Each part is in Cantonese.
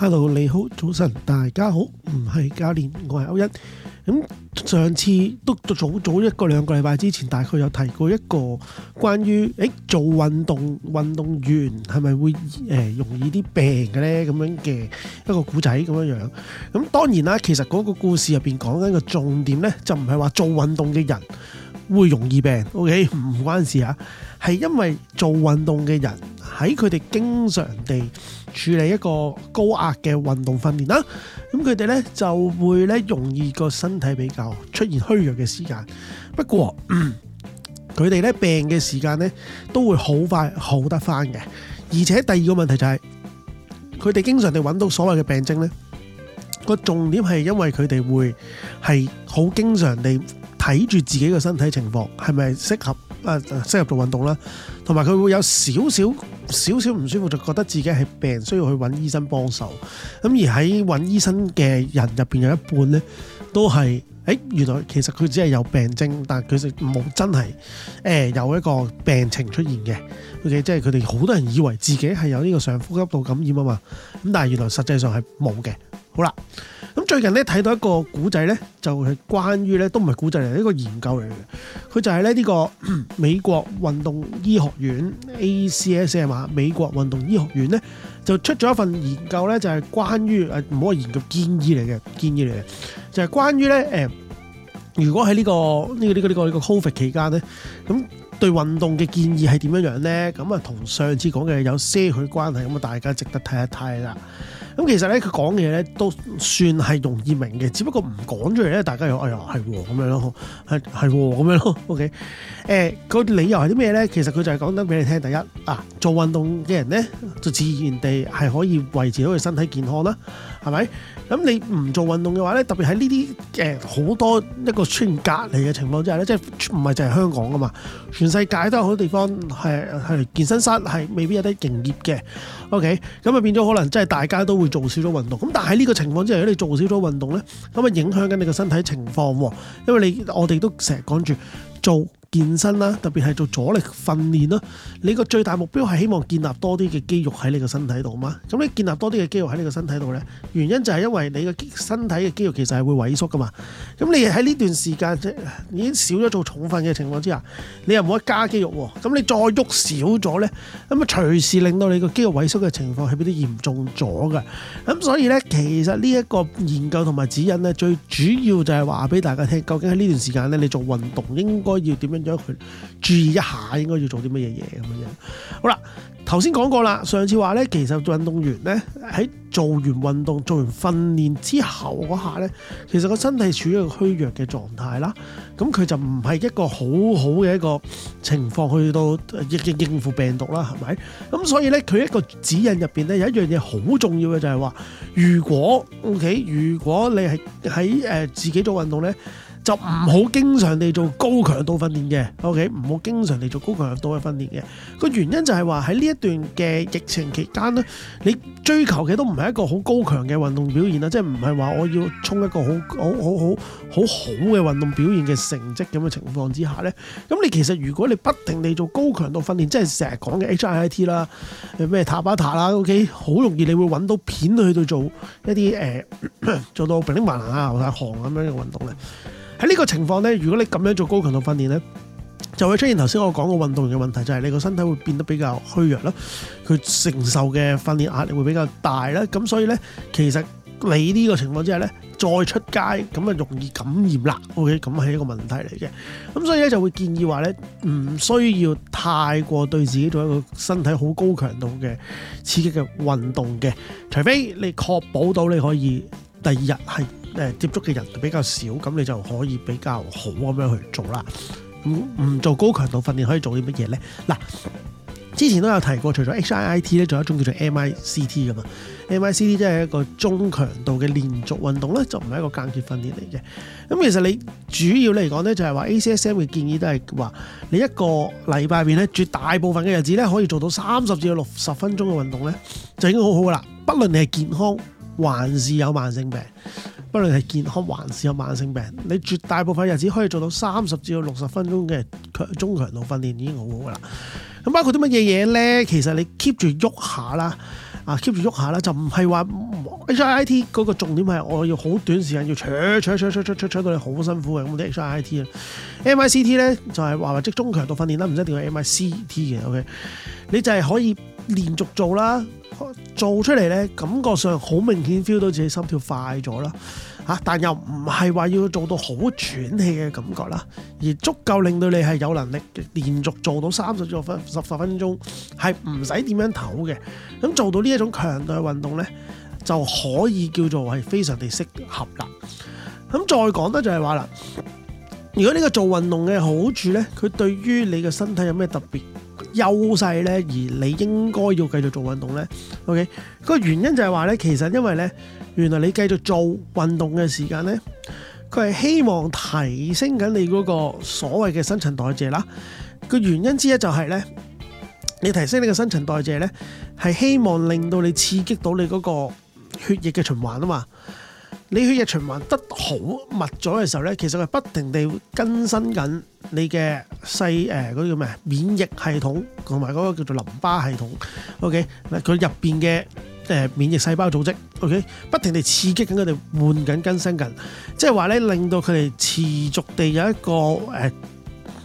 hello，你好，早晨，大家好，唔係教練，我係歐一。咁上次都早早一個兩個禮拜之前，大概有提過一個關於誒、欸、做運動運動員係咪會誒、呃、容易啲病嘅呢？咁樣嘅一個古仔咁樣樣。咁當然啦，其實嗰個故事入邊講緊個重點呢，就唔係話做運動嘅人。會容易病，OK，唔關事啊。係因為做運動嘅人喺佢哋經常地處理一個高壓嘅運動訓練啦，咁佢哋呢就會呢容易個身體比較出現虛弱嘅時間。不過佢哋呢病嘅時間呢都會好快好得返嘅。而且第二個問題就係佢哋經常地揾到所謂嘅病徵呢，個重點係因為佢哋會係好經常地。睇住自己嘅身體情況，係咪適合，呃，適合做運動啦？同埋佢會有少少少少唔舒服，就覺得自己係病，需要去揾醫生幫手。咁而喺揾醫生嘅人入邊有一半呢，都係誒原來其實佢只係有病徵，但係佢哋冇真係誒有一個病情出現嘅。O.K.，即係佢哋好多人以為自己係有呢個上呼吸道感染啊嘛，咁但係原來實際上係冇嘅。好啦。最近咧睇到一個古仔咧，就係關於咧都唔係古仔嚟，一個研究嚟嘅。佢就係咧呢個美國運動醫學院 （ACSM） 啊，美國運動醫學院咧就出咗一份研究咧，就係關於誒唔好話研究建議嚟嘅，建議嚟嘅，就係、是、關於咧誒、呃，如果喺呢、這個呢、呢個呢、呢個呢、呢個呢、呢個 COVID 期間咧，咁對運動嘅建議係點樣樣咧？咁啊，同上次講嘅有些許關係，咁啊，大家值得睇一睇啦。咁其實咧，佢講嘅嘢咧都算係容易明嘅，只不過唔講出嚟咧，大家又哎呀係咁樣咯，係係咁樣咯。OK，誒、呃，個理由係啲咩咧？其實佢就係講得俾你聽。第一啊，做運動嘅人咧，就自然地係可以維持到佢身體健康啦，係咪？咁你唔做運動嘅話咧，特別喺呢啲誒好多一個村隔離嘅情況之下咧，即係唔係淨係、是、香港㗎嘛？全世界都有好多地方係係健身室係未必有得營業嘅。OK，咁啊變咗可能即係大家都會。做少咗運動咁，但係呢個情況之下，如果你做少咗運動呢，咁啊影響緊你嘅身體情況喎。因為你我哋都成日講住做。健身啦，特別係做阻力訓練啦，你個最大目標係希望建立多啲嘅肌肉喺你個身體度嘛？咁你建立多啲嘅肌肉喺你個身體度咧，原因就係因為你個身體嘅肌肉其實係會萎縮噶嘛。咁你喺呢段時間即已經少咗做重訓嘅情況之下，你又冇得加肌肉，咁你再喐少咗咧，咁啊隨時令到你個肌肉萎縮嘅情況係變得嚴重咗噶。咁所以咧，其實呢一個研究同埋指引咧，最主要就係話俾大家聽，究竟喺呢段時間咧，你做運動應該要點樣？咁樣佢注意一下應該要做啲乜嘢嘢咁樣。好啦，頭先講過啦，上次話咧，其實做運動員咧，喺做完運動、做完訓練之後嗰下咧，其實個身體處於一個虛弱嘅狀態啦。咁佢就唔係一個好好嘅一個情況去到應應應付病毒啦，係咪？咁所以咧，佢一個指引入邊咧有一樣嘢好重要嘅就係話，如果屋企、okay? 如果你係喺誒自己做運動咧。就唔好經常地做高強度訓練嘅，OK？唔好經常地做高強度嘅訓練嘅。個原因就係話喺呢一段嘅疫情期間咧，你追求嘅都唔係一個好高強嘅運動表現啦，即係唔係話我要衝一個好好好好好好嘅運動表現嘅成績咁嘅情況之下咧。咁你其實如果你不停地做高強度訓練，即係成日講嘅 HIIT 啦，咩塔巴塔啦，OK？好容易你會揾到片去到做一啲誒做到 breaking man 啊、流大汗咁樣嘅運動嘅。喺呢個情況呢，如果你咁樣做高強度訓練呢，就會出現頭先我講嘅運動員嘅問題，就係你個身體會變得比較虛弱啦，佢承受嘅訓練壓力會比較大啦，咁所以呢，其實你呢個情況之下呢，再出街咁啊容易感染啦，OK，咁係一個問題嚟嘅。咁所以咧就會建議話呢，唔需要太過對自己做一個身體好高強度嘅刺激嘅運動嘅，除非你確保到你可以第二日係，誒接觸嘅人比較少，咁你就可以比較好咁樣去做啦。唔唔做高強度訓練，可以做啲乜嘢呢？嗱，之前都有提過，除咗 H I I T 咧，仲有一種叫做 M I C T 噶嘛。M I C T 即係一個中強度嘅連續運動咧，就唔係一個間歇訓練嚟嘅。咁其實你主要嚟講呢，就係話 A C S M 嘅建議都係話，你一個禮拜入面咧，絕大部分嘅日子咧，可以做到三十至六十分鐘嘅運動呢，就已經好好啦。不論你係健康還是有慢性病。不論係健康還是有慢性病，你絕大部分日子可以做到三十至到六十分鐘嘅強中強度訓練已經好好噶啦。咁包括啲乜嘢嘢咧？其實你 keep 住喐下啦，啊 keep 住喐下啦，就唔係話 HIIT 嗰個重點係我要好短時間要搶搶搶搶搶到你好辛苦嘅咁啲 HIIT，MICT 咧就係話話即中強度訓練啦，唔一定要 MICT 嘅。OK，你就係可以連續做啦。做出嚟呢，感覺上好明顯 feel 到自己心跳快咗啦，嚇！但又唔係話要做到好喘氣嘅感覺啦，而足夠令到你係有能力連續做到三十分十十分鐘，係唔使點樣唞嘅。咁做到呢一種強度嘅運動呢，就可以叫做係非常地適合啦。咁再講得就係話啦，如果呢個做運動嘅好處呢，佢對於你嘅身體有咩特別？優勢呢，而你應該要繼續做運動呢。OK，個原因就係話呢，其實因為呢，原來你繼續做運動嘅時間呢，佢係希望提升緊你嗰個所謂嘅新陳代謝啦。個原因之一就係呢，你提升你嘅新陳代謝呢，係希望令到你刺激到你嗰個血液嘅循環啊嘛。你血液循環得好密咗嘅時候咧，其實佢不停地更新緊你嘅細誒嗰啲叫咩免疫系統同埋嗰個叫做淋巴系統，OK，嗱佢入面嘅、呃、免疫細胞組織，OK，不停地刺激緊佢哋換緊更新緊，即係話咧令到佢哋持續地有一個誒、呃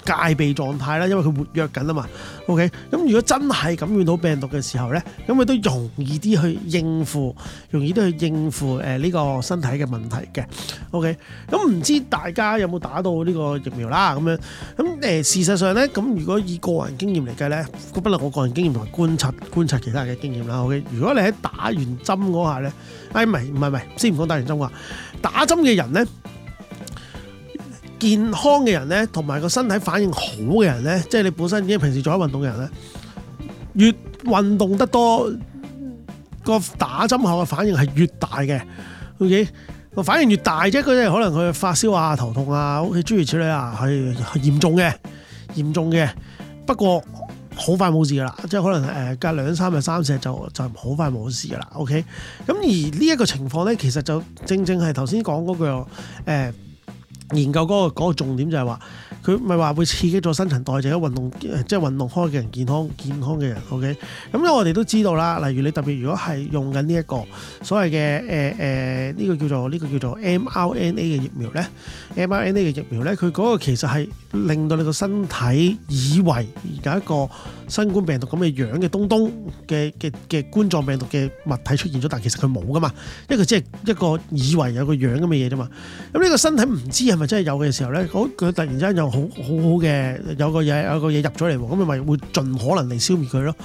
戒備狀態啦，因為佢活躍緊啊嘛。OK，咁如果真係感染到病毒嘅時候咧，咁佢都容易啲去應付，容易啲去應付誒呢、呃這個身體嘅問題嘅。OK，咁唔知大家有冇打到呢個疫苗啦？咁樣咁誒、呃，事實上咧，咁如果以個人經驗嚟計咧，不論我個人經驗同埋觀察觀察其他人嘅經驗啦。OK，如果你喺打完針嗰下咧，哎唔係唔係唔係，先唔講打完針話，打針嘅人咧。健康嘅人咧，同埋個身體反應好嘅人咧，即係你本身已經平時做運動嘅人咧，越運動得多，個打針後嘅反應係越大嘅。O K，個反應越大啫，佢咧可能佢發燒啊、頭痛啊、好似諸如此類啊，係嚴重嘅，嚴重嘅。不過好快冇事噶啦，即係可能誒隔兩三日、三四日就就好快冇事噶啦。O K，咁而呢一個情況咧，其實就正正係頭先講嗰句研究、嗰個、嗰個重點就係話佢咪話會刺激咗新陳代謝，運動誒即係運動開嘅人健康，健康嘅人，OK。咁呢我哋都知道啦，例如你特別如果係用緊呢一個所謂嘅誒誒呢個叫做呢個叫做 mRNA 嘅疫苗咧，mRNA 嘅疫苗咧，佢嗰個其實係令到你個身體以為有一個新冠病毒咁嘅樣嘅東東嘅嘅嘅冠狀病毒嘅物體出現咗，但係其實佢冇㗎嘛，因為佢只係一個以為有個樣咁嘅嘢啫嘛。咁呢個身體唔知係咪真係有嘅時候咧，好，佢突然之間又～好，好好好嘅，有個嘢有個嘢入咗嚟，咁咪會盡可能嚟消滅佢咯。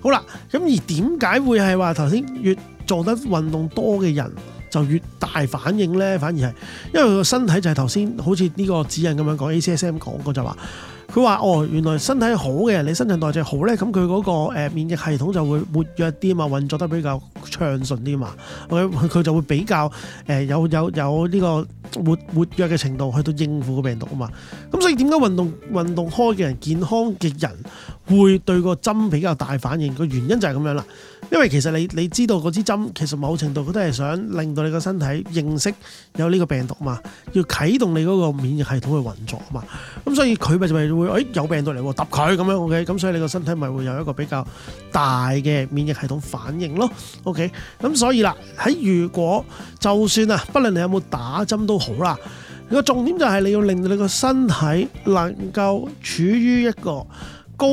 好啦，咁而點解會係話頭先越做得運動多嘅人就越大反應咧？反而係因為佢個身體就係頭先好似呢個指引咁樣講，ACSM 講過就話。佢話：哦，原來身體好嘅，你新陳代謝好呢，咁佢嗰個誒免疫系統就會活躍啲嘛，運作得比較暢順啲嘛，佢就會比較誒有有有呢個活活躍嘅程度去到應付個病毒啊嘛。咁所以點解運動運動開嘅人健康嘅人會對個針比較大反應？個原因就係咁樣啦。因為其實你你知道嗰支針其實某程度佢都係想令到你個身體認識有呢個病毒嘛，要啟動你嗰個免疫系統去運作啊嘛，咁所以佢咪就係會，誒、哎、有病毒嚟，揼佢咁樣，ok，咁所以你個身體咪會有一個比較大嘅免疫系統反應咯，ok，咁所以啦，喺如果就算啊，不論你有冇打針都好啦，個重點就係你要令到你個身體能夠處於一個高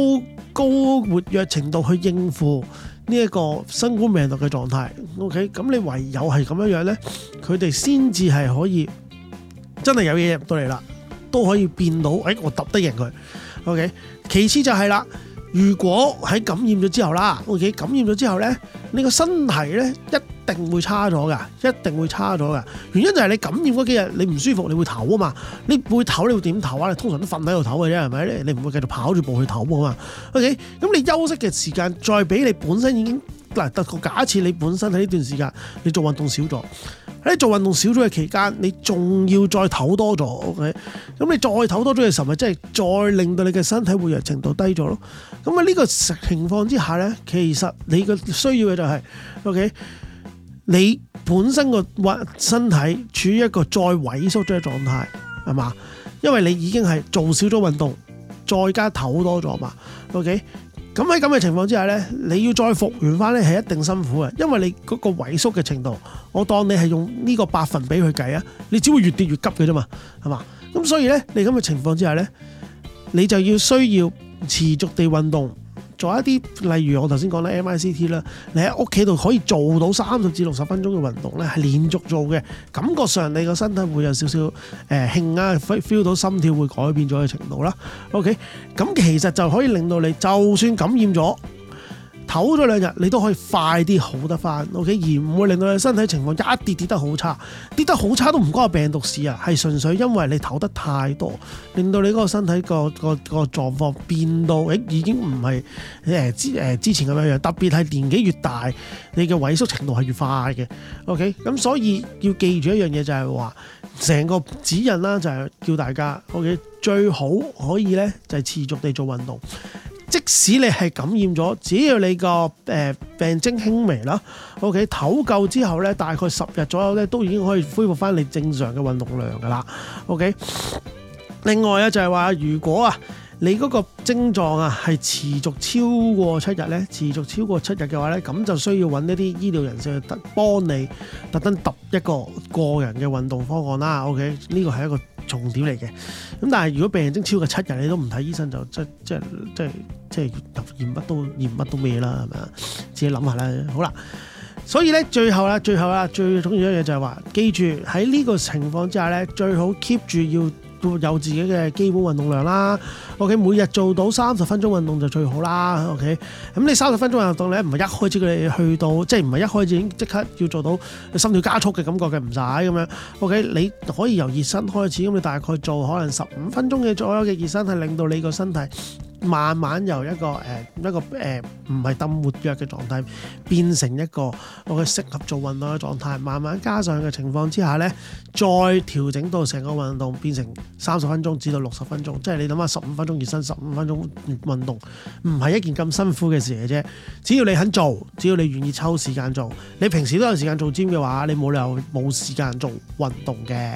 高活躍程度去應付。呢一個新冠病毒嘅狀態，OK，咁你唯有係咁樣樣咧，佢哋先至係可以真係有嘢入到嚟啦，都可以變到，哎，我揼得贏佢，OK。其次就係啦。如果喺感染咗之後啦，O.K. 感染咗之後咧，你個身體咧一定會差咗嘅，一定會差咗嘅。原因就係你感染嗰幾日，你唔舒服，你會唞啊嘛，你會唞，你會點唞啊？你通常都瞓喺度唞嘅啫，係咪咧？你唔會繼續跑住步去唞，好唔好啊？O.K.，咁你休息嘅時間再俾你本身已經嗱，特個假設你本身喺呢段時間你做運動少咗。你做運動少咗嘅期間，你仲要再唞多咗，O K，咁你再唞多咗嘅時候，咪真係再令到你嘅身體活躍程度低咗咯。咁啊，呢個情況之下呢，其實你嘅需要嘅就係 O K，你本身個身體處於一個再萎縮咗嘅狀態，係嘛？因為你已經係做少咗運動，再加唞多咗嘛，O K。OK? 咁喺咁嘅情況之下呢，你要再復原翻呢係一定辛苦嘅，因為你嗰個萎縮嘅程度，我當你係用呢個百分比去計啊，你只會越跌越急嘅啫嘛，係嘛？咁所以呢，你咁嘅情況之下呢，你就要需要持續地運動。做一啲例如我頭先講啦 MICT 啦，你喺屋企度可以做到三十至六十分鐘嘅運動咧，係連續做嘅，感覺上你個身體會有少少誒輕壓，feel 到心跳會改變咗嘅程度啦。OK，咁其實就可以令到你就算感染咗。唞咗兩日，你都可以快啲好得翻，OK，而唔會令到你身體情況一跌跌得好差，跌得好差都唔關病毒事啊，係純粹因為你唞得太多，令到你嗰個身體、個個、個狀況變到，已經唔係、欸、之前咁樣樣，特別係年紀越大，你嘅萎縮程度係越快嘅，OK，咁所以要記住一樣嘢就係話，成個指引啦，就係叫大家，OK，最好可以呢，就係、是、持續地做運動。即使你係感染咗，只要你個誒病徵輕微啦，OK，唞夠之後咧，大概十日左右咧，都已經可以恢復翻你正常嘅運動量噶啦，OK。另外咧，就係話，如果啊你嗰個症狀啊係持續超過七日咧，持續超過七日嘅話咧，咁就需要搵一啲醫療人士去特幫你特登揼一個個人嘅運動方案啦，OK。呢個係一個。重點嚟嘅，咁但係如果病徵超過七日，你都唔睇醫生就即係即係即係即係驗乜都驗乜都咩啦，係咪啊？自己諗下啦，好啦，所以咧，最後啦，最後啦，最重要一樣嘢就係話，記住喺呢個情況之下咧，最好 keep 住要。有自己嘅基本運動量啦，OK，每日做到三十分鐘運動就最好啦，OK。咁你三十分鐘運動，你唔係一開始佢哋去到，即係唔係一開始已經即刻要做到心跳加速嘅感覺嘅，唔使咁樣，OK。你可以由熱身開始，咁你大概做可能十五分鐘嘅左右嘅熱身，係令到你個身體。慢慢由一個誒、呃、一個唔係咁活躍嘅狀態變成一個我嘅適合做運動嘅狀態，慢慢加上嘅情況之下呢再調整到成個運動變成三十分鐘至到六十分鐘，即係你諗下十五分鐘熱身，十五分鐘運動，唔係一件咁辛苦嘅事嘅啫。只要你肯做，只要你願意抽時間做，你平時都有時間做 gym 嘅話，你冇理由冇時間做運動嘅。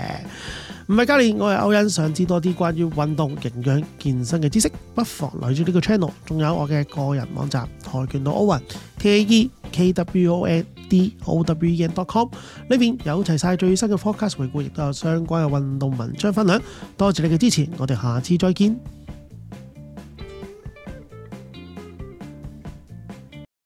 唔係加練，我係歐恩，想知多啲關於運動營養健身嘅知識，不妨留意住呢個 channel。仲有我嘅個人網站跆拳道歐恩 T A E K W O N D O W E N dot com 呢邊有齊晒最新嘅 podcast 回顧，亦都有相關嘅運動文章分享。多謝你嘅支持，我哋下次再見。